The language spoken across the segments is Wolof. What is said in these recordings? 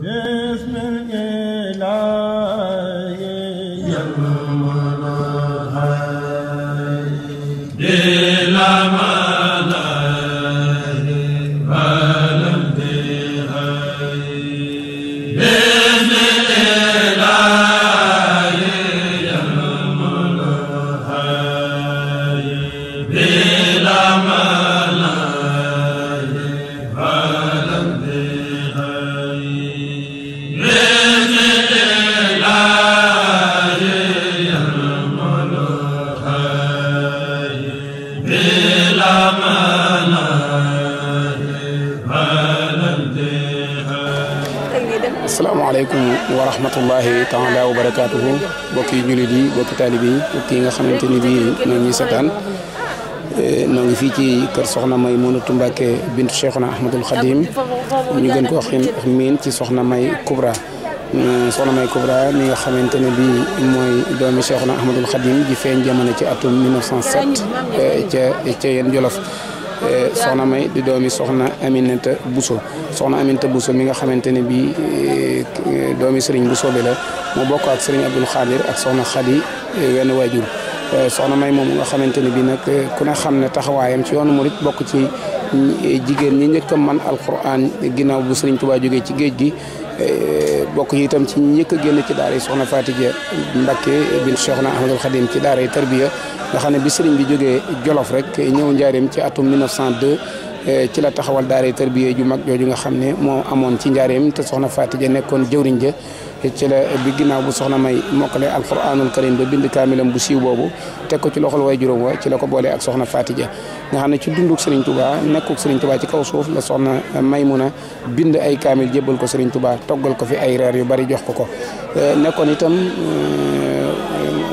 Yes, man, yes. wa rahmatullahi taala wa barakaatuhu bokki jullit yi bokki taalibe yi nga xamante ni bii ñoo ñuy seetaan noo eh, fii ci kër Soxna May Munatu Mbàkke bintu Cheikhuna Ahmadul Xadim ñu gën ko xin miin ci Soxna May Kubra mm, Soxna May Kubra mi nga xamante ne bii mooy doomi Cheikhuna Ahmadul Xadim ji feeñ jamono ci atum 1907 eh, ca ca yeen Jolof soxna may di doomi soxna Aminata Bousso soxna Aminata Bousso mi nga xamante ne bii doomi Serigne Bousso bi la mu bokk ak Serigne Abdoul Khadir ak soxna Khady wenn waajur soxna may moom nga xamante ne bii nag ku ne xam ne taxawaayam ci yoonu murit bokk ci jigéen ñi njëkk a man alquran ginnaaw bu Serigne Touba jógee ci géej gi bokk yi itam ci ñi njëkk a génn ci daara yi soxna Faatija Mbakke bin soxna Ahmadul Khadim ci daara yi tarbiya xamne bi serigne bi joge jollof rek ñëw ndiarim ci atum 1902 ci la taxawal daara terbiye ju mag joju nga xamne mo amone ci ndiarim te soxna Faati nekkon jeewriñ je ci la bi ginaaw bu soxna may mokale alquranul karim be bind kamilam bu siw bobu te ko ci loxol way juróom wa ci la ko bolé ak soxna Fatija nga xamne ci dunduk Serigne Touba nekkuk Serigne Touba ci kaw suuf la soxna Maymuna bind ay kamil jébbal ko Serigne Touba togal ko fi ay reer yu bari jox ko ko nekkon itam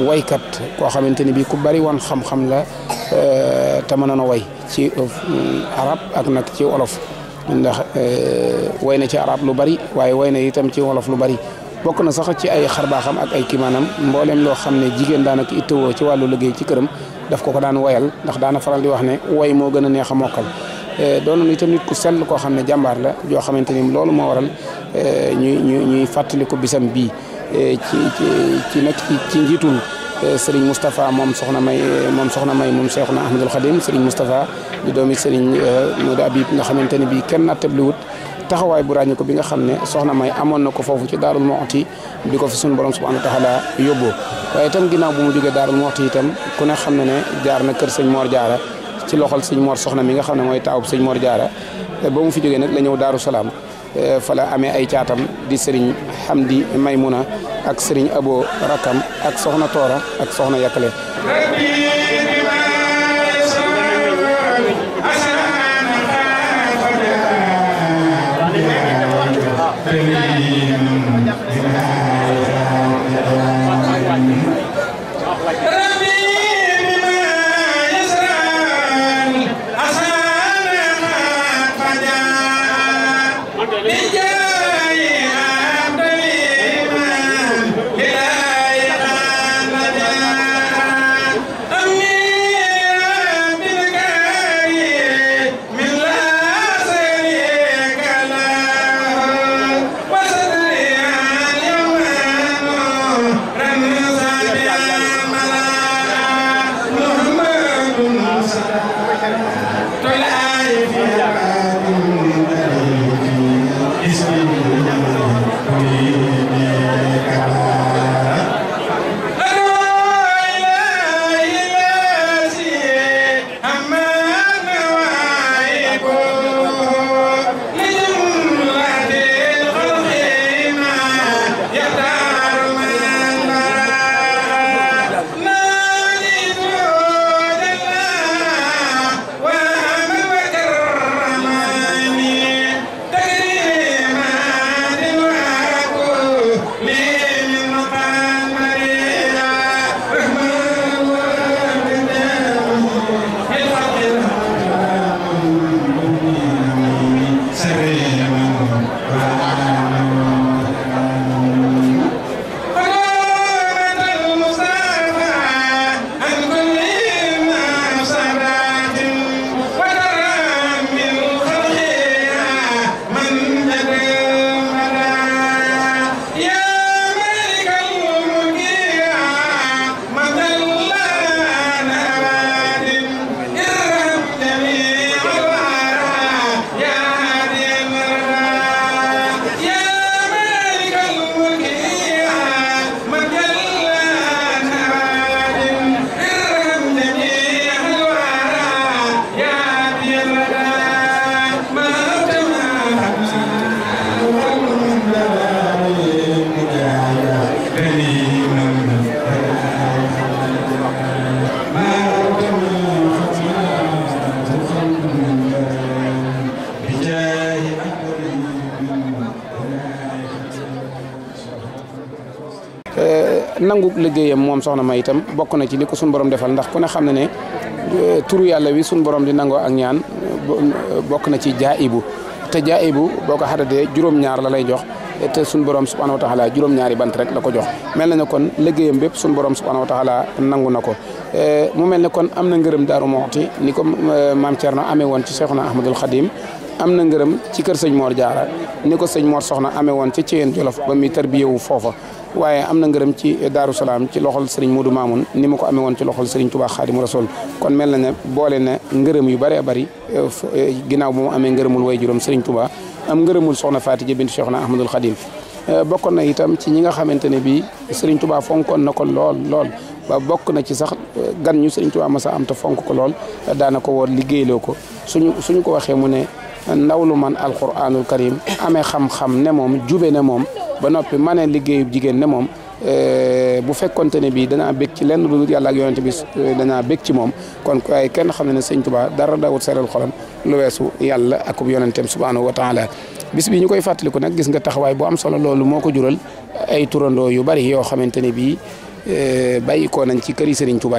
waykat koo xamante ni bii ku bari woon xam-xam la euh, te mënoon a way ci euh, arab ak nag ci wolof ndax euh, way na ci arab lu bari waaye way na itam ci wolof lu bari bokk na sax ci ay xarbaaxam ak ay kimaanam mbooleem loo xam ne jigéen daanaka ittewoo ci wàllu liggéey ci këram daf ko ko daan wayal ndax daana faral di wax ne way moo gën a neex a mokkal doon na itam nit ku sell koo xam ne jàmbaar la joo xamante ni loolu moo waral ñuy ñuy ñuy fàttali ko bisam bii ci ci ci nag ci njiitul Serigne Moustapha moom soxna may moom soxna may moom Cheikhuna Ahmadul Khadim Serigne Moustapha di doomi Serigne Modou Habib nga xamante ne bii kenn nattabli wut taxawaay bu ràññi ko bi nga xam ne soxna may amoon na ko foofu ci Daarul Muxti bi ko fi suñu borom subhanahu wa taala yóbboo waaye itam ginnaaw bu mu jógee Daarul Muxti itam ku ne xam ne ne jaar na kër sëñ Mor Jaara ci loxol sëñ Mor soxna mi nga xam ne mooy taawub sëñ Mor Jaara ba mu fi jógee nag la ñëw Daaru Salaam Eh, fa la amee ay caatam di sëriñ Hamdi Maymuna ak sëriñ Abo Rakam ak soxna Toora ak soxna Yakale Amen. Euh, nangu liggéeyam moom soxna ma itam bokk na ci li ko suñu borom defal ndax kone xam ne ne euh, turu yàlla wi suñu borom di nangoo ak ñaan bokk na ci jaayibu te jaayibu boo ko xadatee juróom-ñaar la lay jox te suñu borom subhanahu wa taala juróom-ñaari bant rek la ko jox mel na ne kon liggéeyam bépp suñu borom subhanahu wa nangu na ko euh, mu mel ne kon am na ngërëm daaru moxti ni ko maam Thierno amee woon ci Seexuna Ahmadul Xadim am na ngërëm ci kër sëñ Mor Diarra ni ko sëñ Mor Soxna amee woon ca Thièyeen Jolof ba muy tarbiye wu foofa waaye am na ngërëm ci Daaru Salaam ci loxol Serigne Modou Mamoun ni ma ko amee woon ci loxol Serigne Touba Xaadimu Rasuul kon mel na ne boole na ngërëm yu bëree bëri ginnaaw bu mu amee ngërëmul way juróom Touba am ngërëmul Soxna Faati ja Cheikhna Ahmadul Xadim bokkoon na itam ci ñi nga xamante ne bii Serigne Touba fonkoon na ko lool lool ba bokk na ci sax gan ñu Serigne Touba masa am te fonk ko lool daana ko woon liggéeyloo suñu suñu ko waxee mu ne ndaw lu man alquranul karim amee xam-xam ne moom jube ne moom ba noppi mane liggéeyu jigéen ne moom eh, bu fekkonte ne bii danaa bég ci lenn lu dul yàlla ak yonent bi eh, danaa bég moom kon waaye kenn xam ne ne sëñ Tuubaa dara dawut seral xolam lu weesu yàlla akub yonenteem subhaanahu wa taala bis bi ñu koy fàttaliku nag gis nga taxawaay boo am solo loolu moo ko jural ay turandoo yu bari yoo xamante ne bii Eh, bàyyi ko nañ ci kër yi Serigne Touba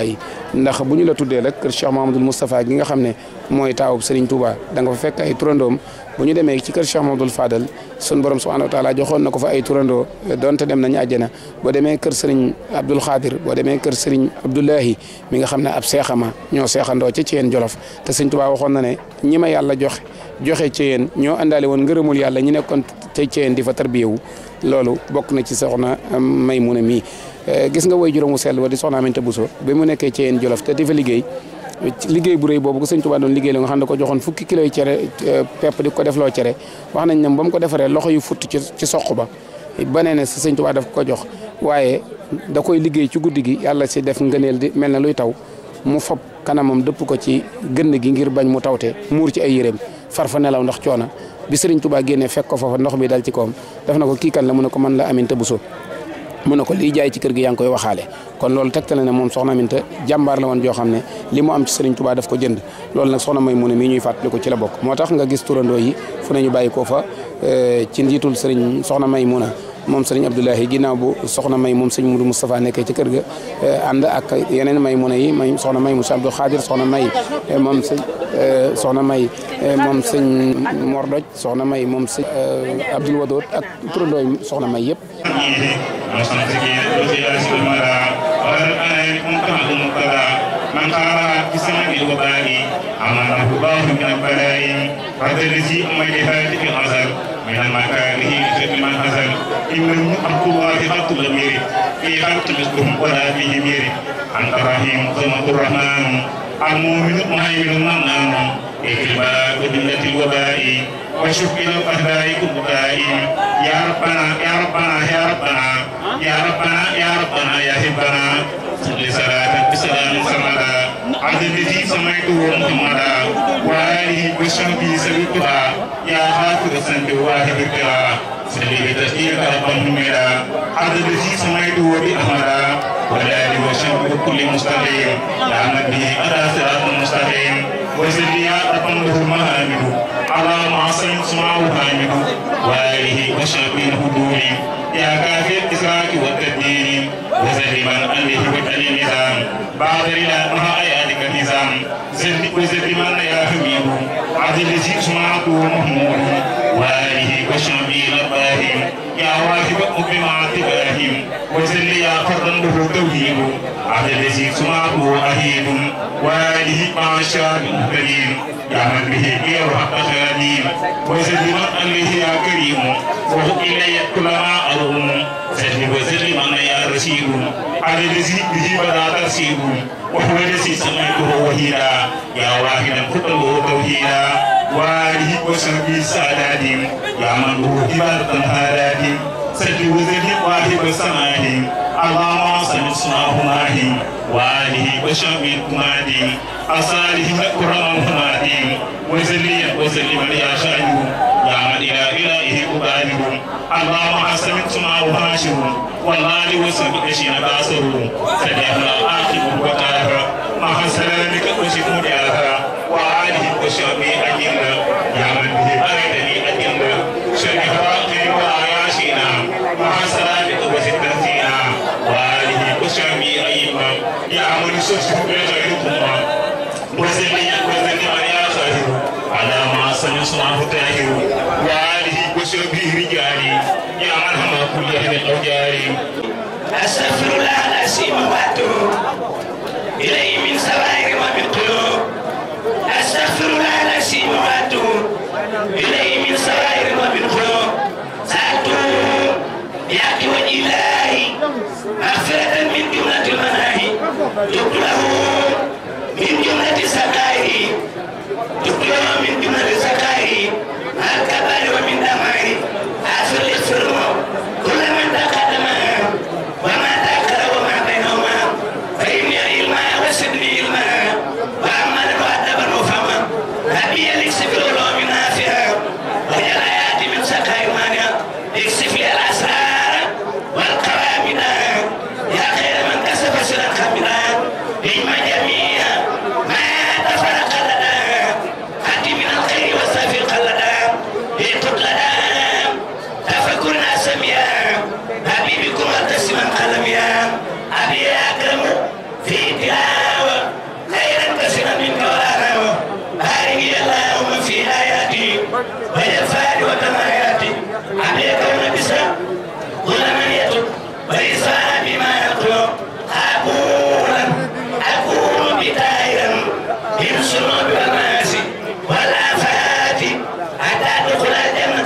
ndax bu ñu la tuddee rek kër Cheikh Mahamadul Moustapha gi nga xam ne mooy taawub Serigne Touba da nga fa fekk ay turandoom bu ñu demee ci kër Cheikh Mahamadul Fadal sun borom subhanahu wa taala joxoon na ko fa ay turandoo eh, donte dem nañu àjjana boo demee kër Serigne Abdoul Khadir boo demee kër Serigne Abdoulahi mi nga xam ne ab seexama ñoo seexandoo ci ci Thiène Jolof te Serigne Touba waxoon na ne ñi ma yàlla joxe joxe Thiène ñoo àndaale woon ngërëmul yàlla ñi nekkoon ca Thiène di fa tarbiyewu loolu bokk na ci soxna Maymuna mii eh, gis nga woy juróomu sell wa di soxna Aminta Bousso bi mu nekkee ci yéen Jolof te di fa liggéey bu rëy boobu ko sëñ Tuubaa doon liggéey la nga xam ne ko joxoon fukki kilo yi cere eh, pepp di ko def loo cere wax nañ ne ba mu ko defaree loxo yu futt ci ci soq ba ba nee si sëñ Tuubaa daf ko jox waaye da koy liggéey ci guddi gi yàlla si def ngëneel di mel na luy taw mu fob kanamam dëpp ko ci gënn gi ngir bañ mu tawte muur ci ay yéreem far fa nelaw ndax coona bi Serigne tubaa génnee fekko ko foofa ndox mi dal ci kawam def na ko kii kan la mu ne ko man la Aminta Bousso mu ne ko liy jaay ci kër gi yaa ngi koy waxaale kon loolu tegtale ne moom soxna Aminta jàmbaar la woon joo xam ne li mu am ci Serigne Touba daf ko jënd lool nag soxna may mu ne mii ñuy fàttali ko ci la bokk moo tax nga gis turandoo yi fu ne ñu bàyyi fa eh, ci njiitul Serigne soxna may mu ne mom serigne Abdoulahi ginaaw bu soxna may mom serigne mudou mustapha nekkee ci keur ga ànd ak yenen may mu ne yi may soxna may Moussa Abdou Khadir soxna may mom serigne soxna may mom serigne mordoj soxna may mom serigne abdou wadot ak turandooy soxna may yëpp moo nantara kisana di wabai amana hubahu minam badai radarisi umayli hadi bin azar minam makarihi bin man azar imam aku wahi batu lemiri ikan tulis kuhum wala bihi miri antara him kumatur rahman amu minum mahi minum manam ikibaku binati wabai wa syukil fahbai kubukai ya rabbana ya rabbana ya rabbana ya rabbana ya rabbana ya rabbana and the Najib Samai to one Kamada, while he questioned peace and Kuha, Yaha to the Sandewa Hibita, Sedivita Tia Pandumera, and the Najib Samai to Wadi Amara, while he questioned Kukuli Mustahim, Lamadi Arasirat Mustahim, Wasilia upon the Humahamidu, Allah Masan Smahu Hamidu, while he questioned Kuhuduri. إياك في الإسراك والتدين وزهما أن يثبت النظام بعد رضا مع آياتك النظام زد وزد من يا حبيب عدل جيش معكم مهمور وآله وشعبي رباهم يا واهب أم معاتباهم وزل يا فردا له توهيب على الذي سمعه أهيب وآله مع شاب كريم يا من به قير حق خاديم وزل مرءا به يا كريم وهو إلي كل ما أظلم زل وزل من يا رشيد على الذي به بدا ترسيب وهو الذي سمعته وهيلا يا واحدا خطبه توهيلا وآله وصحبه سعدادهم يا من هو عبادة هادادهم سجد وزكي واهب سماهم اللهم صل صنعهماهم وآله وصحبه كمادهم أصالح كرمهمادهم وزلي وسلم يا شايب يا من إلى إلهه أبالغ اللهم حسن صنعهما شهر والله وسلم أشياء باسره سجد الآخر وقال ما حسن لك وشكر يا وآله وصحبه أجمعين يا من به أردني أجمعين شرفاقي وعياشنا وحسنات وزدتنا وآله وصحبه أجمعين يا من سجد غيركما وزني وزني على على ما سنصنعه تاهر وآله وصحبه رجالي يا أرحم كل أهل الأوجاري أستغفر الله العظيم وأتوب إليه من سبب يغفر لنا شيء ما تون إليه من سرائر وبالقلوب سأتوب بحق وجه الله مغفرة من جملة المناهي تبت له من جملة سكائه تبت له من جملة سكائه الكبائر ومن أمائه أغفر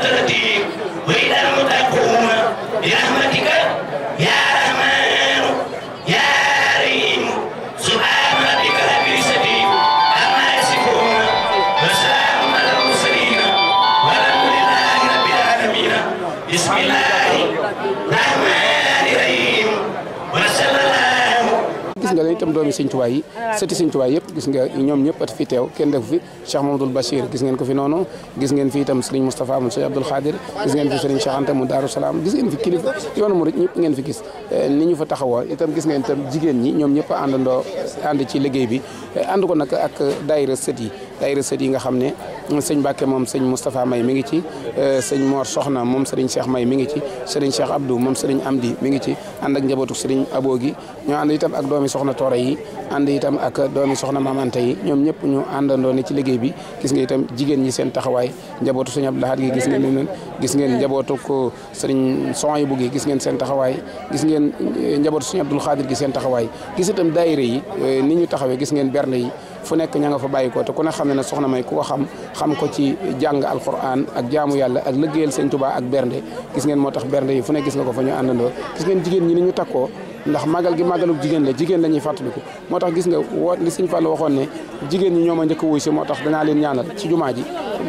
Alternative, Vedan doomi sëñ yi sëti sëñ Tuubaa yëpp gis nga ñoom ñëpp fi teew kenn defu fi Cheikh Mamadou Bachir gis ngeen ko fi noonu gis ngeen fi itam sëriñ Moustapha mu sëriñ Abdoul Khadir gis ngeen fi sëriñ Cheikh mu Daaru gis ngeen fi kilifa yoonu murid ñëpp ngeen fi gis eh, ni ñu fa taxawoo itam gis ngeen itam jigéen ñi ñoom ñëpp àndandoo ànd ci liggéey bi eh, ànd ko ak daayira sët yi daayira sët yi nga xam ne sëñ Mbàkke moom sëñ Moustapha May mi ngi ci euh, sëñ Mor Soxna moom sëriñ Cheikh May mi ngi ci sëriñ Cheikh Abdou moom sëriñ Amdi mi ngi ci ànd ak njabootu sëriñ Abo gi ñoo itam ak doomi soxna Toora yi ànd itam ak doomi soxna Mamante yi ñoom ñëpp ñu àndandoo ne ci liggéey bi gis nga itam jigéen ñi seen taxawaay njabootu sëñ Abdou Lahad gi gis ngeen leen gis ngeen njabootu ko sëriñ son yi buggi gis ngeen seen taxawaay gis ngeen njabootu sëñ Abdou Khadir gi seen taxawaay gis itam daayira yi euh, ni ñu taxawee gis ngeen bernde yi fu nekk ña nga fa bàyyi ko te ku ne xam ne ne soxna may ku ko xam xam ko ci jàng alquran ak jaamu yàlla ak lëggéeyal sëñ Tuubaa ak bernde gis ngeen moo tax bernde yi fu ne gis nga ko fa ñu àndandoo gis ngeen jigéen ñi ni ñu takkoo ndax magal gi màggalug jigéen la jigéen la ñuy fàttaliku moo tax gis nga woo li sëñ Fall waxoon ne jigéen ñi ñoom a njëkk a wuy si moo tax danaa leen ñaanal ci jumaa ji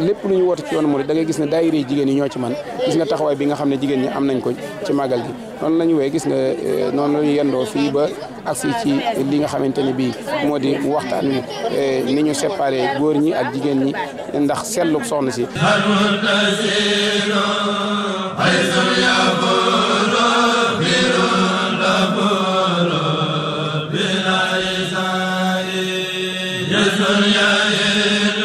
lépp lu ñu woote ci yoonu murid da ngay gis ne daayira jigéen yi ñoo ci man gis nga taxawaay bi nga xam ne jigéen ñi am nañ ko ci màggal gi noonu la ñu wee gis nga euh, noonu la ñu yendoo fii ba agsi ci li nga xamante ne bii moo di waxtaan wi euh, ni ñu séparé góor ñi ak jigéen ñi ndax seetlu soxna si يا